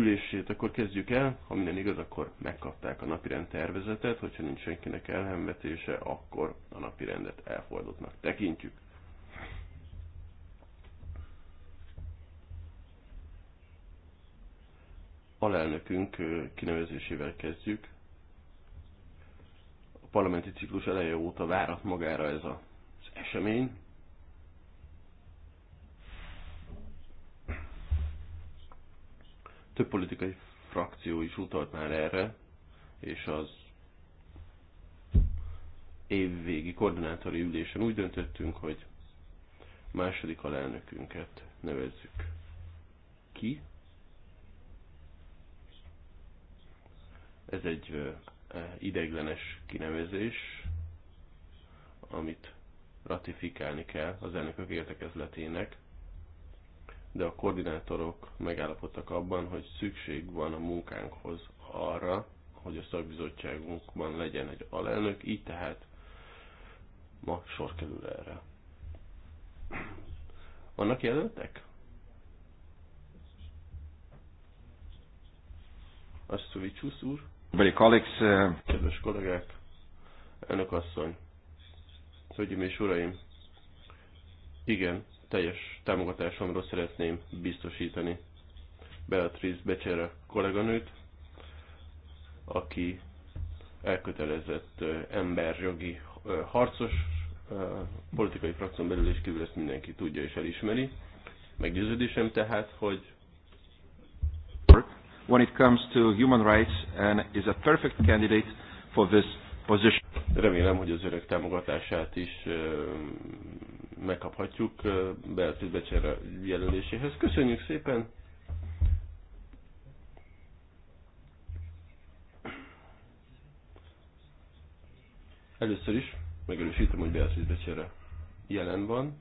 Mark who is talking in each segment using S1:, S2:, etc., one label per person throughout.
S1: ülését akkor kezdjük el, ha minden igaz, akkor megkapták a napirend tervezetet, hogyha nincs senkinek elhemvetése, akkor a napirendet elfordultnak tekintjük. Alelnökünk kinevezésével kezdjük. A parlamenti ciklus eleje óta várat magára ez az esemény, Több politikai frakció is utalt már erre, és az évvégi koordinátori ülésen úgy döntöttünk, hogy második alelnökünket nevezzük ki. Ez egy e, ideiglenes kinevezés, amit ratifikálni kell az elnökök értekezletének de a koordinátorok megállapodtak abban, hogy szükség van a munkánkhoz arra, hogy a szakbizottságunkban legyen egy alelnök, így tehát ma sor kerül erre. Vannak jelöltek? Asztovicsusz úr. Beli Kalix. Eh, Kedves kollégák, elnök asszony, hölgyeim és uraim, igen, teljes támogatásomról szeretném biztosítani Beatrice Becsere kolléganőt, aki elkötelezett emberjogi harcos, politikai frakción belül és kívül ezt mindenki tudja és elismeri. Meggyőződésem tehát, hogy when it comes to human rights and is a perfect candidate for this position. Remélem, hogy az örök támogatását is megkaphatjuk Beatriz Becerra jelöléséhez. Köszönjük szépen! Először is megerősítem, hogy Beatriz Becerra jelen van.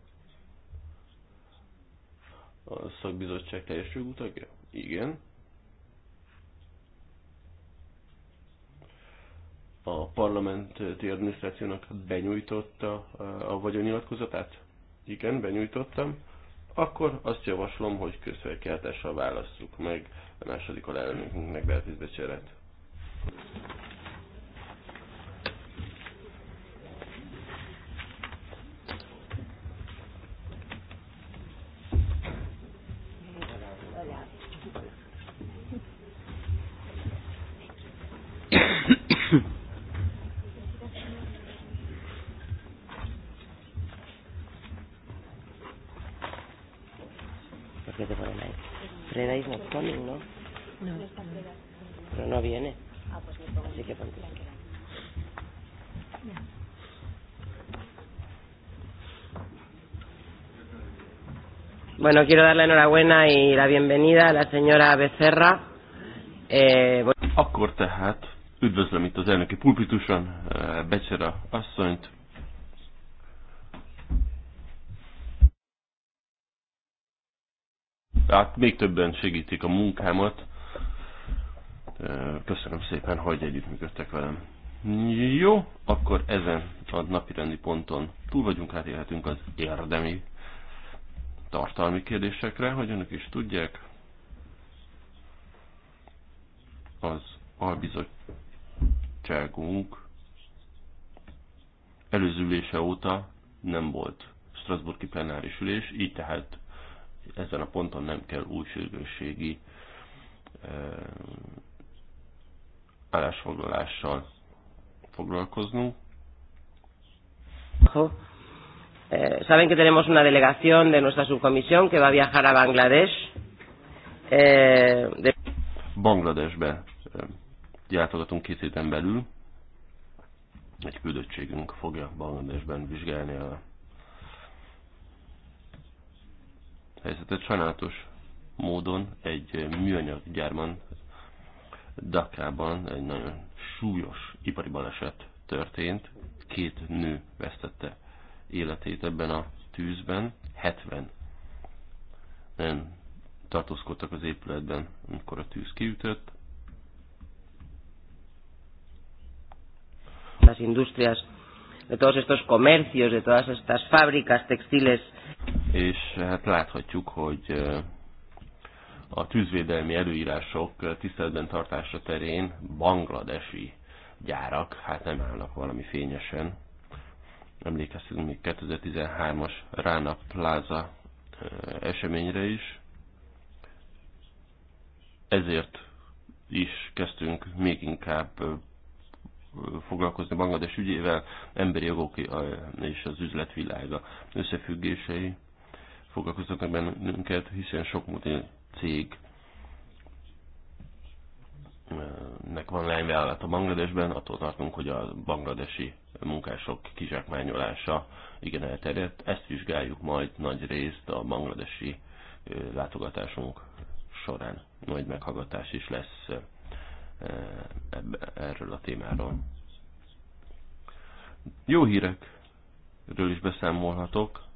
S1: A szakbizottság teljes jogú tagja? Igen. a parlament adminisztrációnak benyújtotta a vagyonnyilatkozatát? Igen, benyújtottam. Akkor azt javaslom, hogy közfelkiáltással válasszuk meg a második alelnökünknek Beatrice Becseret. Creo que ponen ahí. Fredáis no ponen, ¿no? No. Pero no viene. Ah, Así que ponte. Bueno, quiero dar la enhorabuena y la bienvenida a la señora Becerra. Eh, Akkor tehát üdvözlöm itt az elnöki pulpituson eh, Becerra asszonyt, hát még többen segítik a munkámat. Köszönöm szépen, hogy együttműködtek velem. Jó, akkor ezen a napirendi ponton túl vagyunk, átérhetünk az érdemi tartalmi kérdésekre, hogy önök is tudják. Az albizottságunk előzülése óta nem volt Strasburgi plenáris ülés, így tehát ezen a ponton nem kell új sürgősségi állásfoglalással foglalkoznunk. Eh, saben que tenemos una delegación de nuestra subcomisión que va a viajar a Bangladesh. Eh, de... Bangladesbe eh, játogatunk két héten belül. Egy küldöttségünk fogja Bangladesben vizsgálni a helyzetet. Sajnálatos módon egy műanyag gyárban, Dakában egy nagyon súlyos ipari baleset történt. Két nő vesztette életét ebben a tűzben, 70 nem tartózkodtak az épületben, amikor a tűz kiütött. Las industrias de todos estos comercios, de todas estas fábricas textiles és hát láthatjuk, hogy a tűzvédelmi előírások tiszteletben tartása terén bangladesi gyárak hát nem állnak valami fényesen. Emlékeztünk még 2013-as Rána Plaza eseményre is. Ezért is kezdtünk még inkább foglalkozni Banglades ügyével, emberi jogok és az üzletvilága összefüggései foglalkoztatnak bennünket, hiszen sok múlti cég eh, nek van lányvállalat a Bangladesben, attól tartunk, hogy a bangladesi munkások kizsákmányolása igen elterjedt. Ezt vizsgáljuk majd nagy részt a bangladesi eh, látogatásunk során. Nagy meghallgatás is lesz eh, erről a témáról. Jó hírekről is beszámolhatok.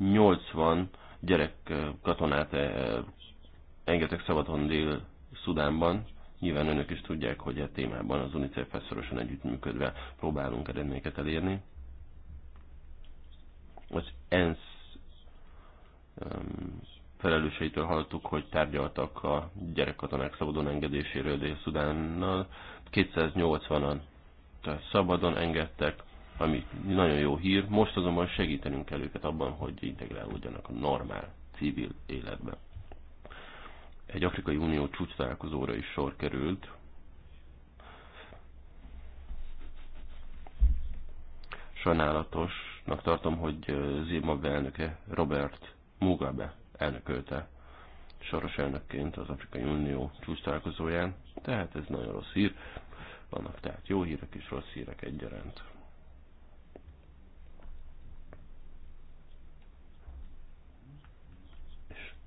S1: 280 gyerek katonát engedtek szabadon Dél-Szudánban. Nyilván önök is tudják, hogy a e témában az unicef szorosan együttműködve próbálunk eredményeket elérni. Az ENSZ felelőseitől hallottuk, hogy tárgyaltak a gyerekkatonák szabadon engedéséről Dél-Szudánnal. 280-an szabadon engedtek, ami nagyon jó hír. Most azonban segítenünk kell őket abban, hogy integrálódjanak a normál civil életbe. Egy Afrikai Unió csúcs találkozóra is sor került. Sajnálatosnak tartom, hogy Zimbabwe elnöke Robert Mugabe elnökölte soros elnökként az Afrikai Unió csúcs találkozóján, tehát ez nagyon rossz hír. Vannak tehát jó hírek és rossz hírek egyaránt.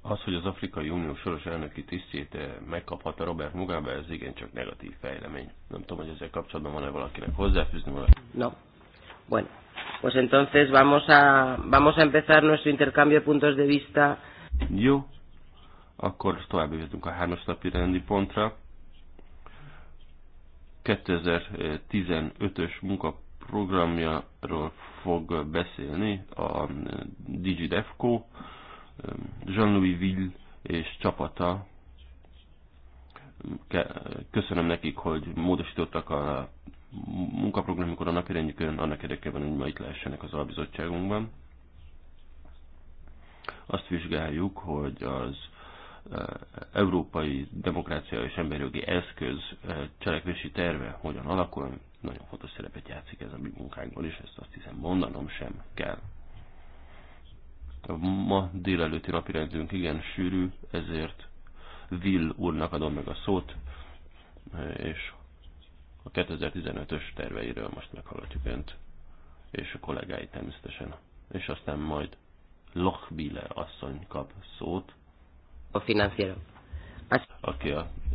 S1: Az, hogy az Afrikai Unió soros elnöki tisztjét eh, megkaphatta Robert Mugabe, ez igencsak negatív fejlemény. Nem tudom, hogy ezzel kapcsolatban van-e valakinek hozzáfűzni valamit. No. Bueno. Pues entonces vamos a, vamos a empezar nuestro intercambio de puntos de vista. Jó. Akkor tovább jöttünk a hármas napi rendi pontra. 2015-ös munkaprogramjáról fog beszélni a eh, DigiDefco. Jean-Louis Ville és csapata, köszönöm nekik, hogy módosítottak a munkaprogramjukon, a napirendjükön, annak érdekében, hogy ma itt lehessenek az albizottságunkban. Azt vizsgáljuk, hogy az e, európai demokrácia és emberjogi eszköz e, cselekvési terve hogyan alakul, nagyon fontos szerepet játszik ez a mi munkánkban, és ezt azt hiszem mondanom sem kell ma délelőtti napirendünk igen sűrű, ezért Will úrnak adom meg a szót, és a 2015-ös terveiről most meghallgatjuk önt, és a kollégáit természetesen. És aztán majd Lochbile asszony kap szót. A finanszírozó. Aki a